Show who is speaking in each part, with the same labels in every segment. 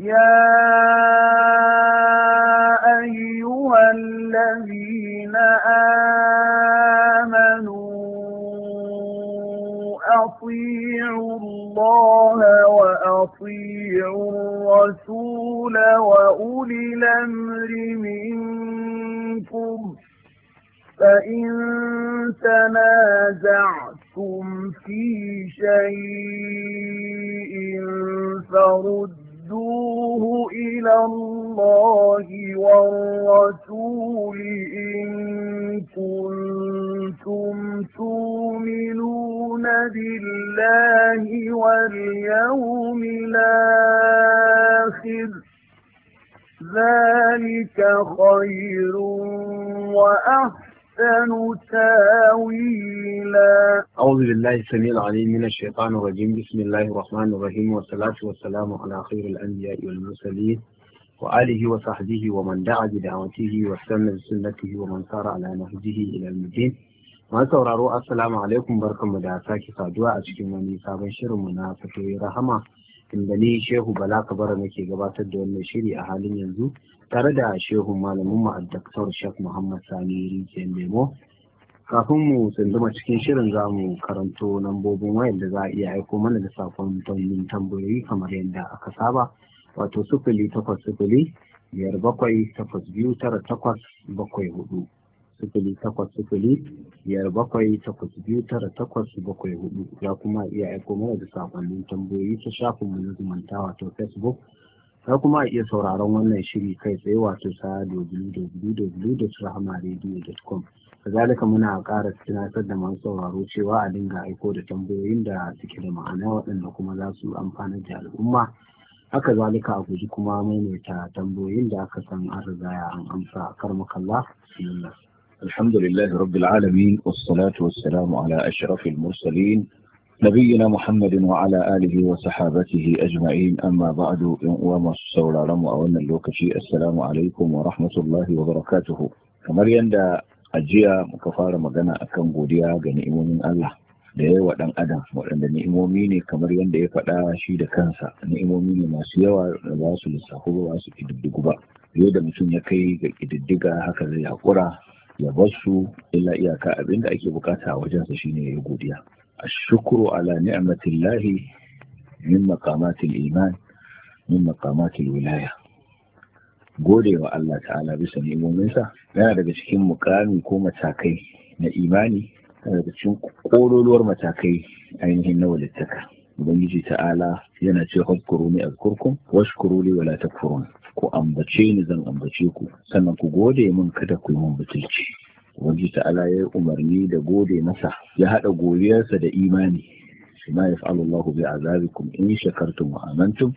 Speaker 1: يا أيها الذين آمنوا أطيعوا الله وأطيعوا الرسول وأولي الأمر منكم فإن تنازعتم في شيء فرد إلى الله والرسول إن كنتم تؤمنون بالله واليوم الآخر ذلك خير وأحسن أحسن تاويلا أعوذ بالله السميع العليم من الشيطان الرجيم بسم الله الرحمن الرحيم والصلاة والسلام على خير الأنبياء والمرسلين وآله وصحبه ومن دعا بدعوته واستنى بسنته ومن سار على نهجه إلى المدين ما sauraro assalamu alaikum barkanmu da sake saduwa a cikin wani sabon shirinmu na fatoyi rahama tunda ni shehu bala kabara nake gabatar da wannan shiri a halin yanzu tare da shehu malamin mu addaktar shek muhammad sani rijiyar lemo kafin mu tsunduma cikin shirin za mu karanto lambobin wayar da za a iya aiko mana da sakon tambayoyi kamar yadda aka saba wato sufuli takwas sufuli biyar bakwai takwas biyu tara takwas bakwai hudu sifili takwas sifili biyar bakwai takwas biyu tara takwas bakwai hudu ya kuma iya aiko mana da sakonnin tambayoyi ta mu na zumunta wato facebook ya kuma iya sauraron wannan shiri kai tsaye wato sa www.rahmaradio.com kazalika muna kara tunatar da masu sauraro cewa a dinga aiko da tambayoyin da suke da ma'ana waɗanda kuma za su amfana da al'umma haka zalika a guji kuma maimaita tambayoyin da aka san an rigaya an amsa kar makalla nasu. الحمد لله رب العالمين والصلاة والسلام على أشرف المرسلين
Speaker 2: نبينا محمد وعلى آله وصحابته أجمعين أما بعد وما wannan أولنا assalamu السلام عليكم ورحمة الله وبركاته kamar yadda ajiya muka fara magana kan godiya ga ni'imomin Allah da yawa dan adam waɗanda ni'imomi ne kamar yadda ya faɗa shi da kansa ni'imomi ne masu yawa da za su lissafu ba su ƙididdigu ba yau da mutum ya kai ga ƙididdiga haka zai haƙura ya bar su illa iyaka abin da ake bukata a wajensa shine ya yi godiya shukuru, ala ni'matillahi min maqamatil iman min maqamatil wilaya godewa Allah ta'ala bisa ni'imominsa yana daga cikin mukami ko matakai na imani yana daga cikin kololuwar matakai ainihin na walittaka ubangiji ta'ala yana ce hukkuru ni azkurkum washkuru li wala takfurun ku ambace ni zan ambace ku sannan ku gode min kada ku yi min butulci waji ta'ala ya umarni da gode masa ya haɗa godiyarsa da imani ma yaf'alu Allahu bi azabikum in shakartum wa amantum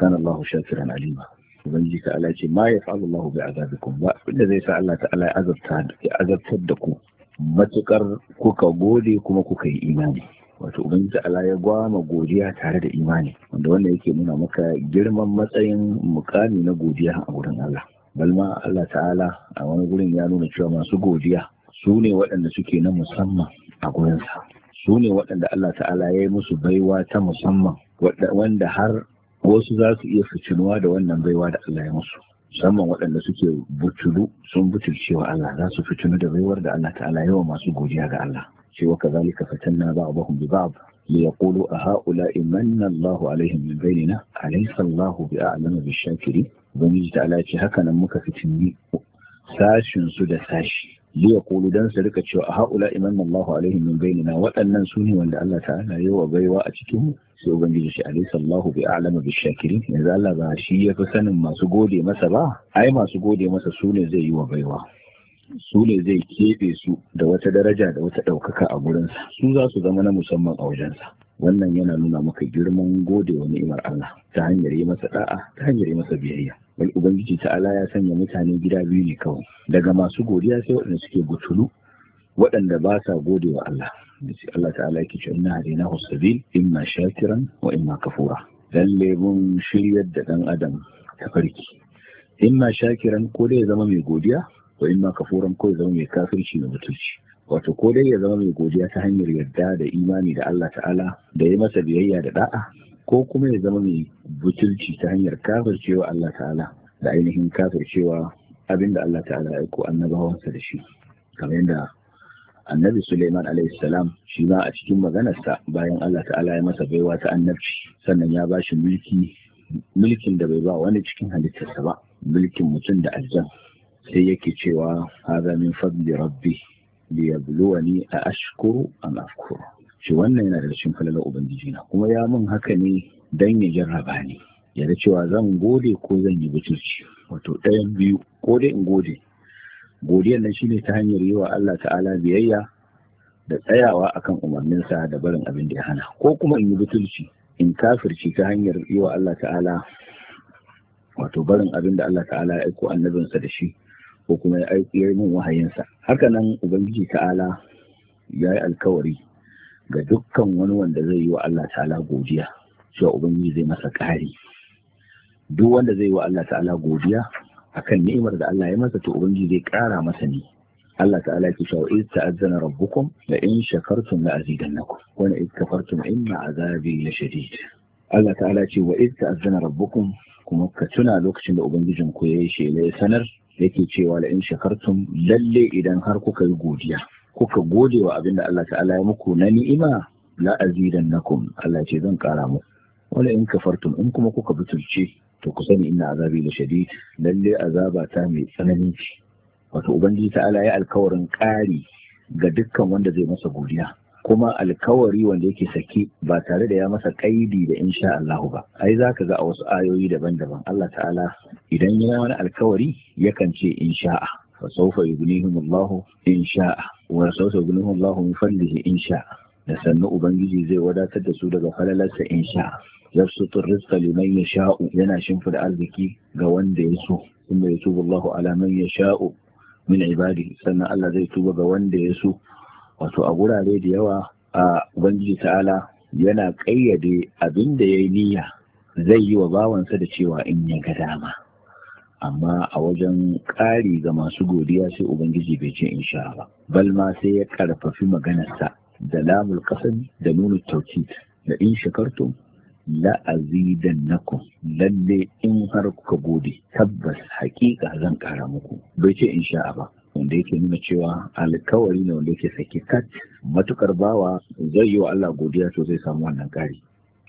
Speaker 2: kana Allahu shakiran alima ubangiji ta ce ma ya Allahu bi azabikum ba abinda zai sa Allah ta'ala ya azabta ya azabtar da ku matukar kuka gode kuma kuka yi imani wato ubangiji allah ya gwama godiya tare da imani wanda wannan yake nuna maka girman matsayin mukami na godiya a wurin Allah balma Allah ta'ala a wani gurin ya nuna cewa masu godiya su ne waɗanda suke na musamman a gurinsa su ne waɗanda Allah ta'ala ya yi musu baiwa ta musamman wanda har wasu za su iya fitinuwa da wannan baiwa da Allah ya musu musamman waɗanda suke butulu sun butulcewa Allah za su fitinu da baiwar da Allah ta'ala yawa masu godiya ga Allah ce waka fatan na ba'a ba bi ba'a ne ya kulu a ha'ula imanna Allah alaihim min bainina alaihi Allah bi a alama bi shafiri ubangiji ala ce hakanan muka fitin ni sashinsu da sashi ne ya kulu dan su rika cewa a ha'ula imanna Allah alaihim min bainina waɗannan su wanda Allah ta ala yi wa baiwa a cikin mu sai ubangiji ce alaihi Allah bi a alama bi shafiri yanzu ba shi ya fi sanin masu gode masa ba ai masu gode masa su ne zai yi wa baiwa. su ne zai keɓe su da wata daraja da wata ɗaukaka a gurinsa su za su zama na musamman a wajensa wannan yana nuna maka girman gode wa ni'imar Allah ta hanyar yi masa da'a ta hanyar yi masa biyayya wani ubangiji ta'ala ya sanya mutane gida biyu ne kawai daga masu godiya sai waɗanda suke gutulu waɗanda ba sa gode wa Allah sai Allah ta'ala yake cewa inna hadina husabil imma shakiran wa imma kafura lalle mun shiryar da dan adam ta farki imma shakiran ko dai ya zama mai godiya to in maka furan ko zama mai kafirci da mutunci wato ko dai ya zama mai godiya ta hanyar yarda da imani da Allah ta'ala da ya masa biyayya da da'a ko kuma ya zama mai butulci ta hanyar kafircewa Allah ta'ala da ainihin kafircewa abin da Allah ta'ala ya aiko annabawansa da shi kamar yadda annabi Suleiman alaihi salam shi ma a cikin maganarsa bayan Allah ta'ala ya masa baiwa ta annabci sannan ya bashi mulki mulkin da bai ba wani cikin halittarsa ba mulkin mutum da aljan sai yake cewa haza min fadli rabbi yabluwani a ashkuru an afkuru shi wannan yana da rashin falalar ubangiji na kuma ya mun haka ne dan ya jarraba ni ya da cewa zan gode ko zan yi butulci wato ɗayan biyu ko dai in gode godiyar nan shine ta hanyar yi wa Allah ta'ala biyayya da tsayawa akan umarninsa da barin abin da ya hana ko kuma in yi butulci in kafirci ta hanyar yi wa Allah ta'ala wato barin abin da Allah ta'ala ya aiko annabinsa da shi ko kuma ya aiki min wahayinsa nan, ubangiji ta'ala ya yi alkawari ga dukkan wani wanda zai yi wa Allah ta'ala godiya cewa ubangiji zai masa ƙari duk wanda zai yi wa Allah ta'ala godiya akan ni'imar da Allah ya masa to ubangiji zai ƙara masa ne Allah ta'ala ke cewa iz ta'azzana rabbukum la in shakartum la azidannakum wa la in kafartum inna azabi la shadid Allah ta'ala ce wa iz ta'azzana rabbukum kuma ka tuna lokacin da ubangijin ku yayi shela ya sanar yake cewa la in shakartum lalle idan har kuka yi godiya kuka gode wa abinda Allah ta'ala ya muku na ni'ima la azidannakum Allah ce zan kara muku wala in kafartum in kuma kuka butulce to ku sani ina azabi la shadid lalle azaba ta mai tsanani wato ubangiji ta'ala ya alkawarin kari ga dukkan wanda zai masa godiya kuma alkawari wanda yake saki ba tare da ya masa kaidi da insha Allah ba ai zaka ga a wasu ayoyi daban-daban Allah ta'ala idan yana wani alkawari yakan ce insha'a fa sawfa yughnihimullahu insha'a wa sawfa yughnihimullahu min fadlihi insha'a da sannu ubangiji zai wadatar da su daga falalarsa insha'a yabsutu rizqa liman yasha'u yana shimfida arziki ga wanda ya so kuma yatubu Allahu ala man yasha'u min ibadihi sannan Allah zai tuba ga wanda ya so wato a gurare da yawa a ubangiji ta'ala yana ƙayyade abin da ya yi niyya zai yi wa bawansa da cewa in ya ga dama amma a wajen ƙari ga masu godiya sai ubangiji bai ce in sha ba bal ma sai ya ƙarfafi maganarsa da lamul kasan da nuna taukid da in shakartum naku. lalle in har kuka gode tabbas haƙiƙa zan ƙara muku bai ce in sha ba wanda yake nuna cewa alkawari ne wanda yake sake kat matukar bawa zai yi wa Allah godiya to zai samu wannan kari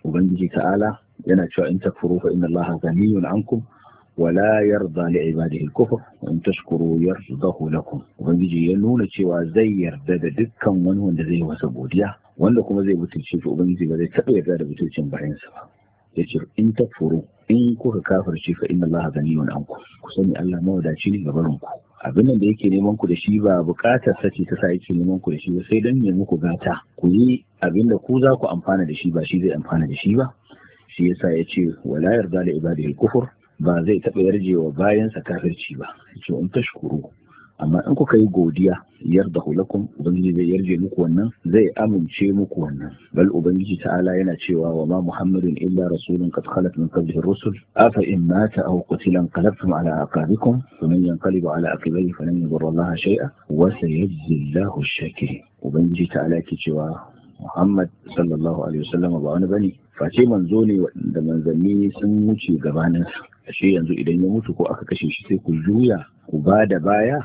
Speaker 2: ubangiji ta'ala yana cewa in takfuru fa inna Allah ghaniyun ankum wa la yarda li ibadihi al-kufr wa in tashkuru yardahu lakum ubangiji ya nuna cewa zai yarda da dukkan wani wanda zai wasa godiya wanda kuma zai mutunci shi ubangiji ba zai taɓa yarda da mutuncin bayansa ba yace in takfuru in kuka kafirce fa inna Allah ghaniyun ankum ku sani Allah mawadaci ne ga barinku abin da yake neman ku da shi ba bukatar sace ta sa yake neman ku da shi ba sai dan ya muku gata ku yi abin da ku za ku amfana da shi ba shi zai amfana da shi ba shi yasa ya ce wala yarda da ibadihi kufur ba zai taɓa yarjewa bayansa kafirci ba ya ce in tashkuru amma in kuka yi godiya yarda lakum ubangiji zai yarje muku wannan zai amince muku wannan bal ubangiji ta'ala yana cewa wa ma muhammadun illa rasulun qad khalat min qablihi rusul afa in mata aw qutila qalabtum ala aqabikum faman yanqalibu ala aqibihi falan yadurra allaha shay'a wa sayajzi allahu ash-shakirin ubangiji ta'ala ke cewa muhammad sallallahu alaihi wasallam ba wani bane face manzo ne da manzanni sun wuce gabaninsa ashe yanzu idan ya mutu ko aka kashe shi sai ku juya ku ba da baya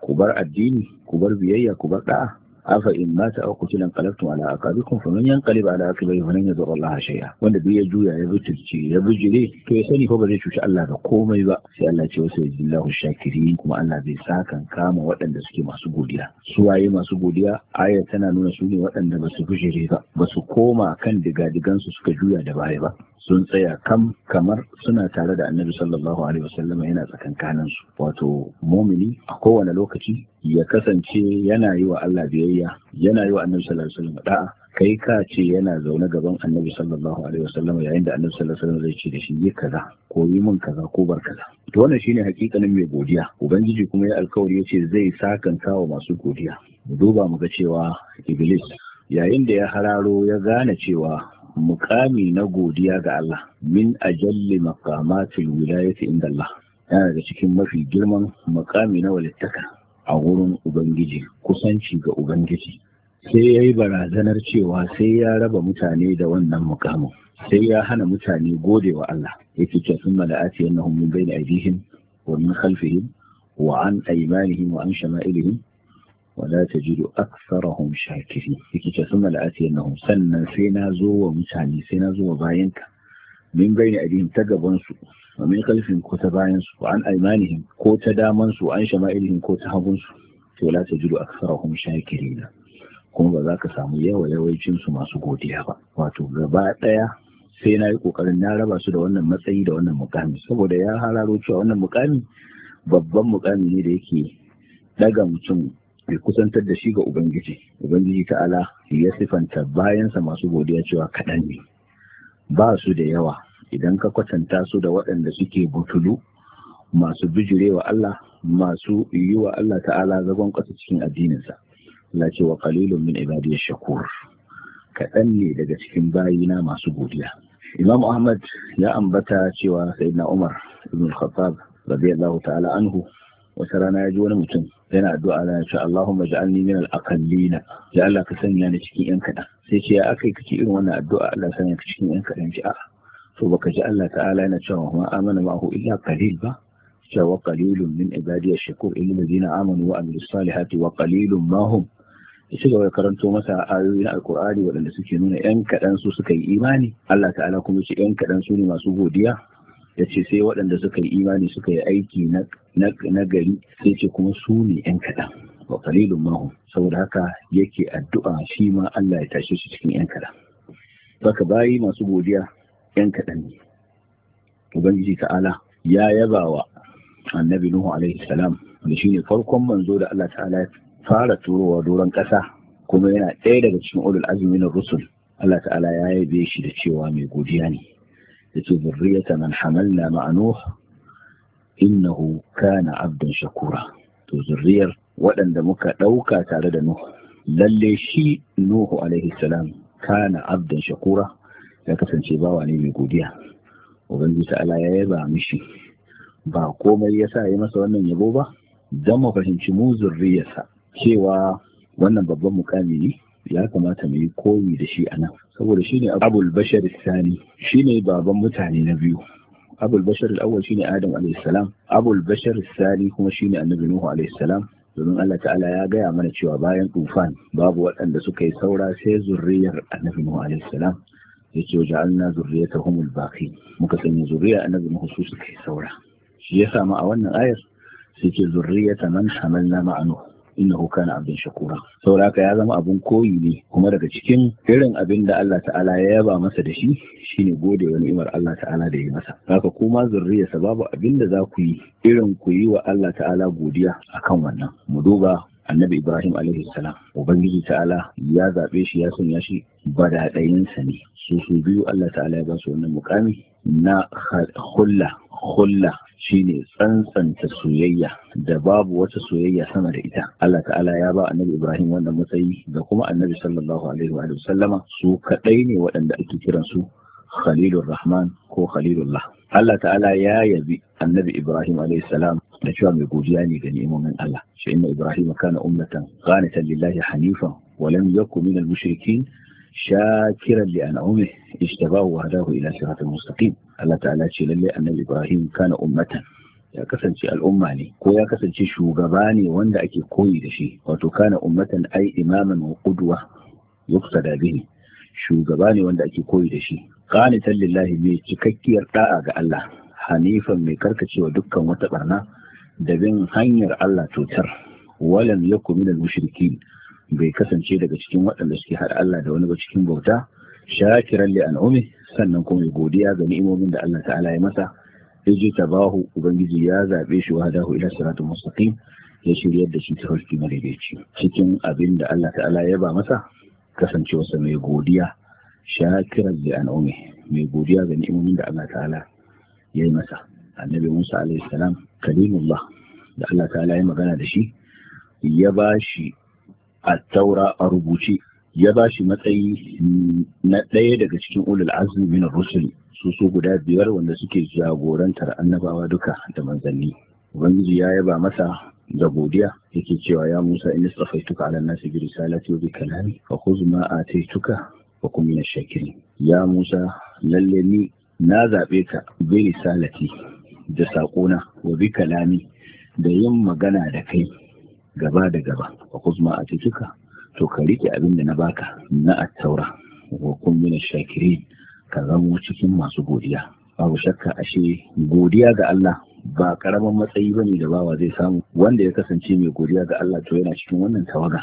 Speaker 2: ku bar addini ku bar biyayya ku bar da'a afa in mata aw qutila qalabtum ala aqabikum faman yanqalib ala aqibihi falan yadurra Allah shay'a wanda duk ya juya ya butulci ya bijire to ya sani fa ba zai cuci Allah da komai ba sai Allah ce wasu billahu shakirin kuma Allah zai sakan kama waɗanda suke masu godiya su waye masu godiya aya tana nuna su ne waɗanda ba su bijire ba ba su koma kan digadigan su suka juya da baya ba sun tsaya kam kamar suna tare da annabi sallallahu alaihi wasallam yana tsakankanin su wato mumini a kowane lokaci ya kasance yana yi wa Allah biyayya yana yi wa annabi sallallahu alaihi wasallam da'a kai ka ce yana zaune gaban annabi sallallahu alaihi wasallam yayin da annabi sallallahu alaihi wasallam zai ce da shi yi kaza ko yi min kaza ko bar kaza to wannan shine hakikanin mai godiya ubangiji kuma ya alkawari ce zai sakanka wa masu godiya duba mu ga cewa iblis yayin da ya hararo ya gane cewa mukami na godiya ga Allah min ajalli maqamatil wilayati inda Allah yana da cikin mafi girman mukami na walittaka a wurin ubangiji kusanci ga ubangiji sai ya yi barazanar cewa sai ya raba mutane da wannan mukamin sai ya hana mutane gode wa Allah ya ce sun mala'ati yannahum min bayni ajihin, wa min khalfihim wa an aymanihim wa an shama'ilihim wala tajidu aktharahum shakirin yake ce sun mala'ati annahum sannan sai na zo wa mutane sai na zo wa bayanka min bayni adihim ta gaban su ko ta bayan su an aymanihim ko ta daman su ko ta hagun su to wala tajidu aktharahum shakirin kuma ba za ka samu yawa yawancin masu godiya ba wato gabaɗaya sai na yi kokarin na raba su da wannan matsayi da wannan mukami saboda ya hararo cewa wannan mukamin babban mukami ne da yake daga mutum bai kusantar da shi ga ubangiji ubangiji ta'ala ya sifanta bayansa masu godiya cewa kaɗan ne ba su da yawa idan ka kwatanta su da waɗanda suke butulu masu bijirewa Allah masu yi wa Allah ta'ala zagon ƙasa cikin addininsa Allah ce wa qalilun min ibadiyash shakur kaɗan ne daga cikin bayina masu godiya Imam Ahmad ya ambata cewa Sayyidina Umar ibn Khattab radiyallahu ta'ala anhu wata rana ya ji wani mutum yana addu'a Allah ya Allahumma ja'alni min al-aqallina ya Allah ka sanya ni cikin yan kadan sai ce ya akai kake irin wannan addu'a Allah sanya ka cikin yan kadan to baka ji Allah ta'ala yana cewa ma amana ma'ahu illa qalil ba cewa qalilun min ibadi ash-shakur illa ladina amanu wa amilus salihati wa qalilun ma hum ci gaba da karanto masa ayoyin na alkur'ani waɗanda suke nuna yan kaɗan su suka yi imani Allah ta'ala kuma ce yan kaɗan su ne masu godiya ya ce sai waɗanda suka yi imani suka yi aiki na gari sai ce kuma su ne yan kaɗan wa qalilun mahu saboda haka yake addu'a shi ma Allah ya tashe shi cikin yan kaɗan baka bayi masu godiya yan kaɗan ne ubangiji ta'ala ya yaba wa annabi nuhu alaihi salam shi ne farkon manzo da Allah ta'ala ya fara turowa doron ƙasa kuma yana ɗaya daga cikin ulul azumi na rusul Allah ta'ala ya yabe shi da cewa mai godiya ne yace zurriyata man hamalna ma'a nuh innahu kana abdan shakura to zurriyar waɗanda muka ɗauka tare da nuh lalle shi nuhu alaihi salam kana abdan shakura ya kasance bawa ne mai godiya ubangiji ta'ala ya yaba mishi ba komai ya sa ya masa wannan yabo ba don mu fahimci mu zurriyarsa cewa wannan babban mukami ne ya kamata mu yi koyi da shi a nan saboda shine abul bashar sani shine baban mutane na biyu abul bashar al-awwal shine adam alayhi salam abul bashar sani kuma shine annabi nuhu alayhi salam domin Allah ta'ala ya gaya mana cewa bayan tufan babu waɗanda suka yi saura sai zurriyar annabi Nuhu alaihi salam yace wa ja'alna zurriyatahum al-baqi muka sanya zurriya annabi Nuhu su suka yi saura shi ya samu ma a wannan ayar sai ce zurriyata man hamalna ma'a Nuhu innahu kana abdin shakura saboda haka ya zama abun koyi ne kuma daga cikin irin abin da Allah ta'ala ya yaba masa da shi shine gode wa ni'imar Allah ta'ala da ya masa haka kuma zurriya babu abin da za ku yi irin ku yi wa Allah ta'ala godiya akan wannan mu duba annabi ibrahim alaihi salam ubangiji ta'ala ya zaɓe shi ya sanya shi badaɗayinsa ne su su biyu Allah ta'ala ya ba su wannan mukami na khulla khulla shine tsantsanta soyayya da babu wata soyayya sama da ita Allah ta'ala ya ba annabi Ibrahim wannan matsayi da kuma annabi sallallahu alaihi wa sallama su kadai ne waɗanda ake kiran su Khalilur Rahman ko Khalilullah Allah ta'ala ya yabi annabi Ibrahim alaihi salam da cewa mai godiya ne ga ni'imomin Allah shi inna Ibrahim kana ummatan qanitan lillahi hanifan wa lam yakun minal mushrikin shakiran li an'amihi ijtabahu wa hadahu ila siratal mustaqim Allah ta'ala ce lalle annabi Ibrahim kana ummatan ya kasance al'umma ne ko ya kasance shugaba ne wanda ake koyi da shi wato kana ummatan ai imaman wa qudwa yuqtada bihi shugaba ne wanda ake koyi da shi qanitan lillahi mai cikakkiyar da'a ga Allah hanifan mai karkacewa dukkan wata barna da bin hanyar Allah cutar walam yakun minal mushrikin bai kasance daga cikin waɗanda suke har Allah da wani ba cikin bauta shakiran li an'umi sannan kuma ya godiya ga ni'imomin da Allah ta'ala ya masa ya ji tabahu ubangiji ya zabe shi wa hadahu ila siratul mustaqim ya shiryar da shi ta hulki madaidaici cikin abin da Allah ta'ala ya ba masa kasancewarsa mai godiya shakiran li an'umi mai godiya ga ni'imomin da Allah ta'ala ya yi masa annabi Musa alaihi salam kalimullah da Allah ta'ala ya magana da shi ya ba shi a taura a rubuce ya ba shi matsayi na ɗaya daga cikin ulul azumi min rusul su su guda biyar wanda suke jagorantar annabawa duka da manzanni ubangiji ya yaba masa da godiya yake cewa ya Musa in tuka ala nasi bi risalati wa bi kalami fa khudh ma ataituka wa kun min shakirin ya Musa lalle ni na zabe ka bi risalati da sakona wa bi kalami da yin magana da kai gaba da gaba wa khudh ma ataituka to ka rike abin da na baka na attaura wa kun shakiri ka zamo cikin masu godiya babu shakka ashe godiya ga Allah ba karaman matsayi bane da bawa zai samu wanda ya kasance mai godiya ga Allah to yana cikin wannan tawaga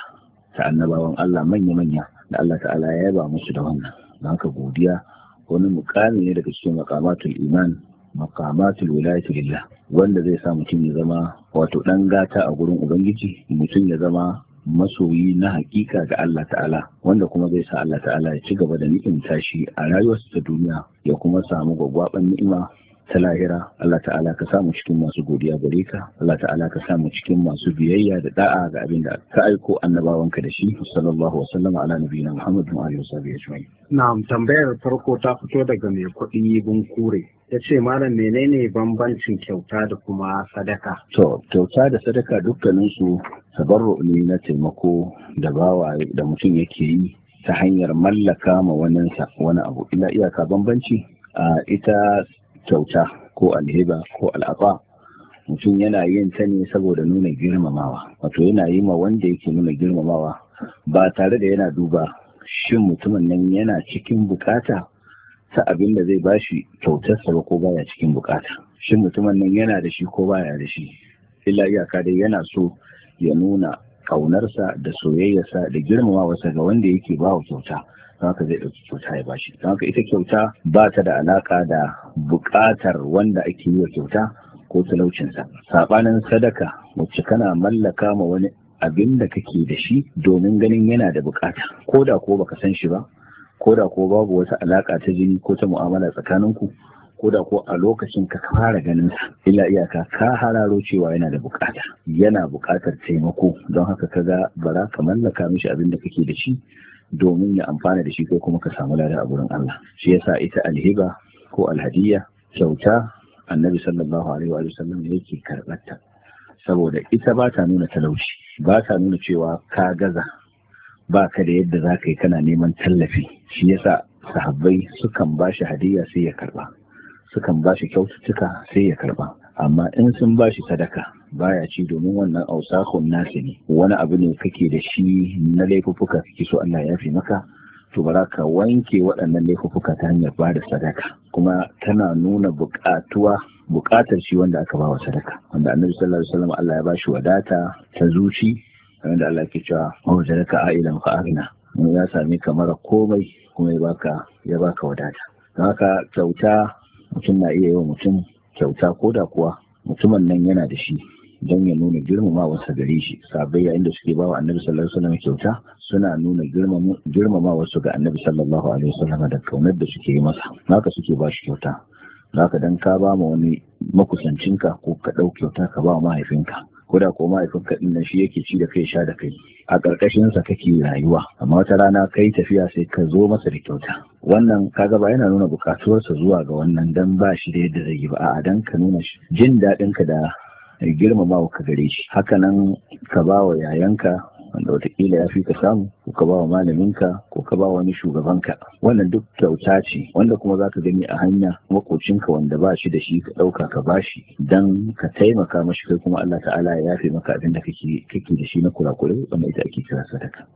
Speaker 2: ta annabawan Allah manya-manya da Allah ta'ala ya yaba musu da wannan don haka godiya wani mukami ne daga cikin makamatul iman makamatul wilayati lillah wanda zai sa mutum ya zama wato dan gata a gurin ubangiji mutum ya zama masoyi na hakika ga Allah ta'ala wanda kuma zai sa Allah ta'ala ya ci gaba da ni'imta tashi a rayuwarsa ta duniya ya kuma samu gwagwaban ni'ima ta lahira Allah ta'ala ka samu cikin masu godiya gare ka Allah ta'ala ka samu cikin masu biyayya da da'a ga abin da ka aiko annabawanka da shi sallallahu wasallam ala nabiyina Muhammad wa alihi wasallam ajma'in
Speaker 1: na'am tambayar farko ta fito daga mai kuɗi gun kure ya ce malam menene bambancin kyauta da kuma sadaka
Speaker 2: to kyauta da sadaka dukkaninsu tabarru ne na taimako da bawa da mutum yake yi ta hanyar mallaka ma waninsa wani abu ila iyaka bambanci a ita kyauta ko Alheba ko al'afa mutum yana yin ta ne saboda nuna girmamawa wato yana yi ma wanda yake nuna girmamawa ba tare da yana duba shin mutumin nan yana cikin bukata ta abin da zai bashi kyautarsa ba ko baya cikin bukata shin mutumin nan yana da shi ko baya da shi illa iyaka dai yana so ya nuna kaunarsa da soyayyarsa da girmamawarsa ga wanda yake ba kyauta don haka zai ɗauki kyauta ya bashi don haka ita kyauta ba ta da alaka da buƙatar wanda ake yi wa kyauta ko talaucinsa saɓanin sadaka wacce kana mallaka ma wani abin da kake da shi domin ganin yana da buƙata ko da ko baka san shi ba ko da ko babu wata alaka ta jini ko ta mu'amala tsakaninku ko da ko a lokacin ka fara ganin sa illa iyaka ka hararo cewa yana da bukata yana bukatar taimako don haka kaga bara ka mallaka mishi abin da kake da shi domin ya amfana da shi ko kuma ka samu lada a gurin Allah shi yasa ita alhiba ko alhadiyya kyauta annabi sallallahu alaihi wa sallam yake karɓarta saboda ita ba ta nuna talauci ba ta nuna cewa ka gaza ba ka da yadda za ka yi kana neman tallafi shi yasa sahabbai sukan ba shi hadiyya sai ya karba sukan ba shi kyaututtuka sai ya karɓa. amma in sun ba shi sadaka baya ci domin wannan ausakun nasi ne wani abu ne kake da shi na laifuffuka kake so Allah ya fi maka to bara ka wanke waɗannan laifuffuka ta hanyar ba da sadaka kuma tana nuna buƙatuwa buƙatar shi wanda aka ba wa sadaka wanda annabi sallallahu alaihi wasallam Allah ya ba shi wadata ta zuci wanda Allah ke cewa wa jaraka ailan fa agna ya sami kamar komai kuma ya baka ya baka wadata haka kyauta mutum na iya yi wa mutum kyauta ko da kuwa mutumin nan yana da shi don ya nuna girmamawarsa gare shi sabai yayin da suke bawa annabi sallallahu alaihi wasallam kyauta suna nuna girmamawarsu ga annabi sallallahu alaihi wasallam da kaunar da suke yi masa haka suke ba shi kyauta haka dan ka ba ma wani makusancinka ko ka ɗau kyauta ka ba mahaifinka ko da ko mahaifinka din nan shi yake ci da kai sha da kai a ƙarƙashin sa kake rayuwa amma wata rana kai tafiya sai ka zo masa da kyauta wannan kaga ba yana nuna bukatuwarsa zuwa ga wannan dan ba shi da yadda zai yi ba a'a dan ka nuna jin daɗin ka da girmamawa ka gare shi Haka nan, ka ba wa yayanka wanda watakila ya fi ka samu ko ka wa malaminka ko ka bawa wani shugabanka wannan duk kyauta ce wanda kuma za ka gani a hanya makocinka wanda ba shi da shi ka ɗauka ka bashi dan ka taimaka mashi kai kuma Allah ta'ala ya yafe maka abin da kake kake da shi na kurakure wanda ita ake kira sadaka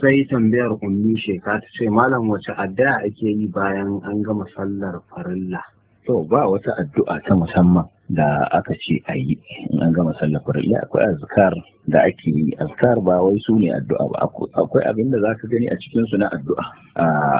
Speaker 1: sai tambayar ummi sheka ta ce malam wace addu'a ake yi bayan an gama sallar farilla to ba wata addu'a ta
Speaker 2: musamman da aka ce a yi in an gama sallar farilla akwai azkar da ake yi azkar ba wai su ne addu'a ba akwai abin da zaka gani a cikin su na addu'a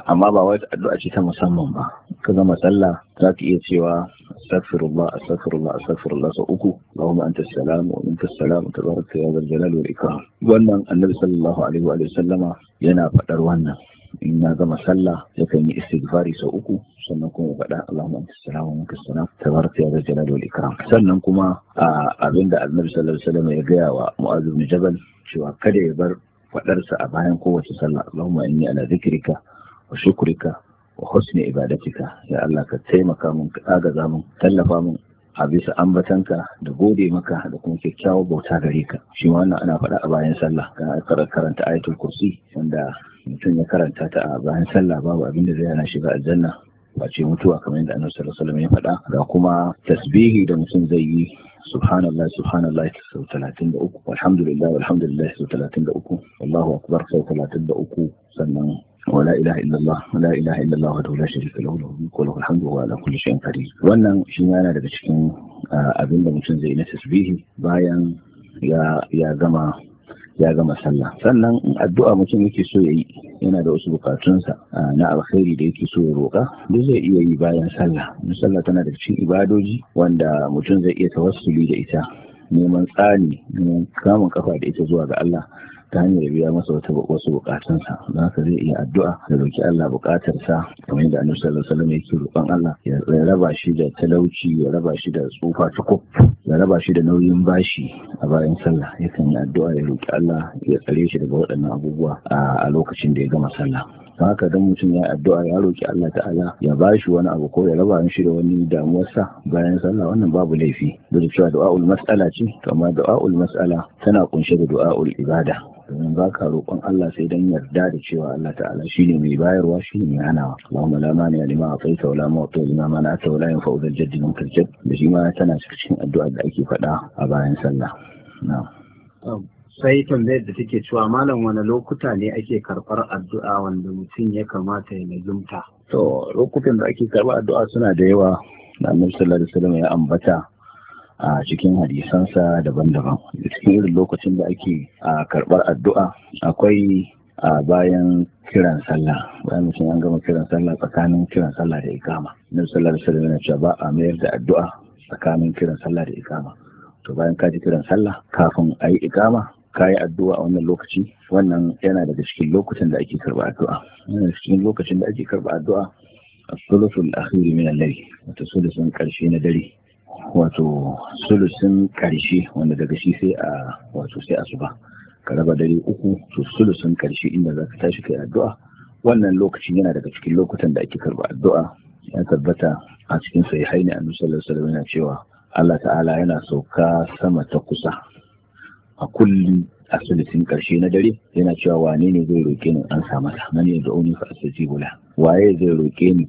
Speaker 2: amma ba wai addu'a ce ta musamman ba ka gama sallah za ka iya cewa astaghfirullah astaghfirullah astaghfirullah sau uku Allahumma anta salam wa minka salam tabaraka ya zal jalali wal ikram wannan annabi sallallahu alaihi wa sallama yana faɗar wannan in na gama sallah yakan yi istighfari sau uku sannan kuma ya faɗa Allahumma anta salamu salam tabaraka ya jalal wal ikram sannan kuma a abinda Annabi sallallahu alaihi wasallam ya gaya wa Mu'adh ibn Jabal cewa kada ya bar faɗarsa a bayan kowace sallah Allahumma inni ana zikrika wa shukrika wa husni ibadatika ya Allah ka taimaka mun ka agaza mun tallafa mun a bisa ambatanka da gode maka da kuma kyakkyawar bauta gare ka shi wannan ana faɗa a bayan sallah kana karanta ayatul kursi wanda mutum ya karanta ta a bayan sallah babu abin da zai hana shi ba aljanna wace mutuwa kamar yadda annabi sallallahu alaihi wasallam ya faɗa ga kuma tasbihi da mutum zai yi subhanallah subhanallah sau talatin da uku, alhamdulillah alhamdulillah sau talatin da 33 wallahu akbar sau uku. sannan wala ilaha illallah wala ilaha illallah wa la sharika lahu lahu mulku wa lahu alhamdu wa ala kulli shay'in qadir wannan shi yana daga cikin ah, abin da mutum zai yi na tasbihi bayan ya gama ya gama sallah sannan addu'a mutum yake so ya yi yana da wasu bukatunsa na alkhairi da yake so ya roƙa duk zai iya yi bayan sallah sallah tana da cikin ibadoji wanda mutum zai iya tawassuli da ita neman tsani neman kamun kafa da ita zuwa ga Allah ta hanyar biya masa wata wasu bukatunsa don haka zai iya addu'a da roƙi Allah bukatarsa kamar yadda annabi sallallahu alaihi wasallam yake roƙon Allah ya raba shi da talauci ya raba shi da tsufa tukuf da raba shi da nauyin bashi a bayan sallah ya yakan yi addu'a ya roƙi Allah ya tsare shi daga waɗannan abubuwa a lokacin da ya gama sallah don haka dan mutum ya yi addu'a ya roki Allah ta'ala ya bashi wani abu ko ya raba shi da wani damuwarsa bayan sallah wannan babu laifi duk cewa du'a'ul mas'ala ce to amma du'a'ul mas'ala tana kunshe da du'a'ul ibada domin ba ka roƙon Allah sai don yarda da cewa Allah ta'ala shi ne mai bayarwa shi ne mai hanawa Allahumma la mani ya a afaita wala mawta wala mana ta wala yin fa'udar jaddi mun kal da shi ma tana cikin addu'a da ake faɗa a bayan sallah
Speaker 1: um, sai tambayar da take cewa malam wani lokuta ne ake karɓar addu'a wanda mutum ya kamata ya nazumta
Speaker 2: to lokutan da ake karɓar addu'a suna da yawa da annabi sallallahu alaihi ya ambata a cikin hadisansa daban-daban cikin irin lokacin da ake karɓar addu'a akwai a bayan kiran sallah bayan mutum an gama kiran sallah tsakanin kiran sallah da ikama nabi sallallahu alaihi wasallam ce ba a mayar da addu'a tsakanin kiran sallah da ikama to bayan ka ji kiran sallah kafin a yi ikama ka yi addu'a a wannan lokaci wannan yana daga cikin lokacin da ake karba addu'a yana cikin lokacin da ake karba addu'a sulusul akhiri min al-layl wato sulusun karshe na dare wato sulusun karshe wanda daga shi sai a wato sai asuba ka raba dare uku to sulusun karshe inda za ka tashi kai addu'a wannan lokaci yana daga cikin lokutan da ake karba addu'a ya tabbata a cikin sai haini a alaihi salama yana cewa Allah ta'ala yana sauka sama ta kusa a kulli a sulisin karshe na dare yana cewa wane ne zai roƙe ni an sa masa mani da oni fa astajibu la waye zai roƙe ni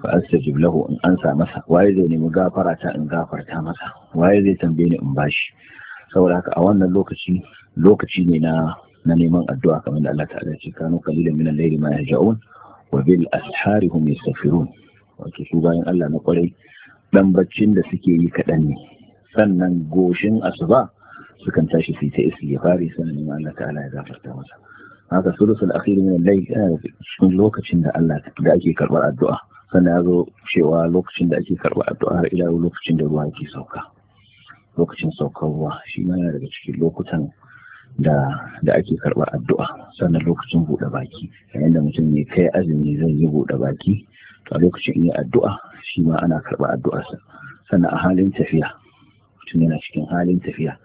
Speaker 2: fa astajib lahu in an sa masa waye zai nemi gafara ta in gafarta masa waye zai tambaye ni in bashi saboda haka a wannan lokaci lokaci ne na na neman addu'a kamar da Allah ta'ala ya ce kanu qalilan min al-layli ma yaj'un wa bil ashari hum yastaghfirun wato su bayan Allah na kwarai dan baccin da suke yi kaɗan ne sannan goshin asuba sukan tashi su yi ta isi ya fari sannan neman Allah ta'ala ya gafarta masa haka sulusul akhir min al-layl yana cikin lokacin da Allah da ake karbar addu'a sannan ya zo cewa lokacin da ake karbar addu'a har ila lokacin da ruwa yake sauka lokacin saukar ruwa shi ma yana daga cikin lokutan da da ake karɓar addu'a sannan lokacin buɗe baki yayin da mutum ne kai azumi zai yi buɗe baki a lokacin in yi addu'a shi ma ana karɓa addu'arsa sannan a halin tafiya mutum yana cikin halin tafiya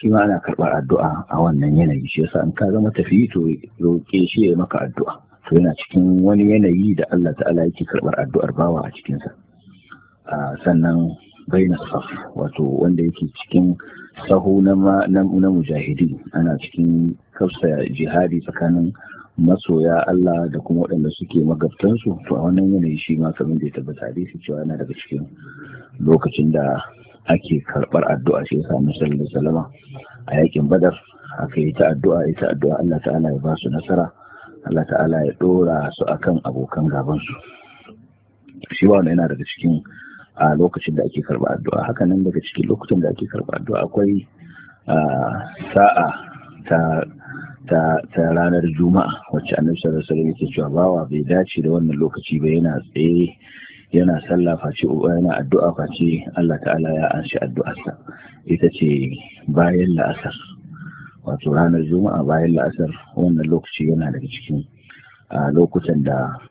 Speaker 2: shi ma ana karɓar addu'a a wannan yanayi shi yasa in ka zama tafiyi to roƙe shi ya maka addu'a to yana cikin wani yanayi da Allah ta'ala yake karɓar addu'ar bawa a cikinsa ah, sannan baina tsaf wato wanda yake cikin sahu na mujahidi ana cikin kafsa jihadi tsakanin masoya Allah da kuma waɗanda suke magabtansu to a wannan yanayi shi ma kamar da ya tabbata su cewa yana daga cikin lokacin da ake karɓar addu'a shi ya samu musallu salama a yakin badar aka yi ta addu'a ta addu'a Allah ta'ala ya ba su nasara Allah ta'ala ya ɗora su akan abokan gabansu shi ba yana daga cikin a lokacin da ake karba addu'a haka nan daga cikin lokutan da ake karba addu'a akwai sa'a ta ta, ta ranar juma'a wacce annabi sallallahu alaihi yake cewa bawa bai dace da wannan lokaci ba yana tsaye yana sallah face uba yana addu'a face Allah ta'ala ya anshi addu'arsa ita ce bayan la'asar wato ranar juma'a bayan la'asar wannan lokaci yana daga cikin lokutan da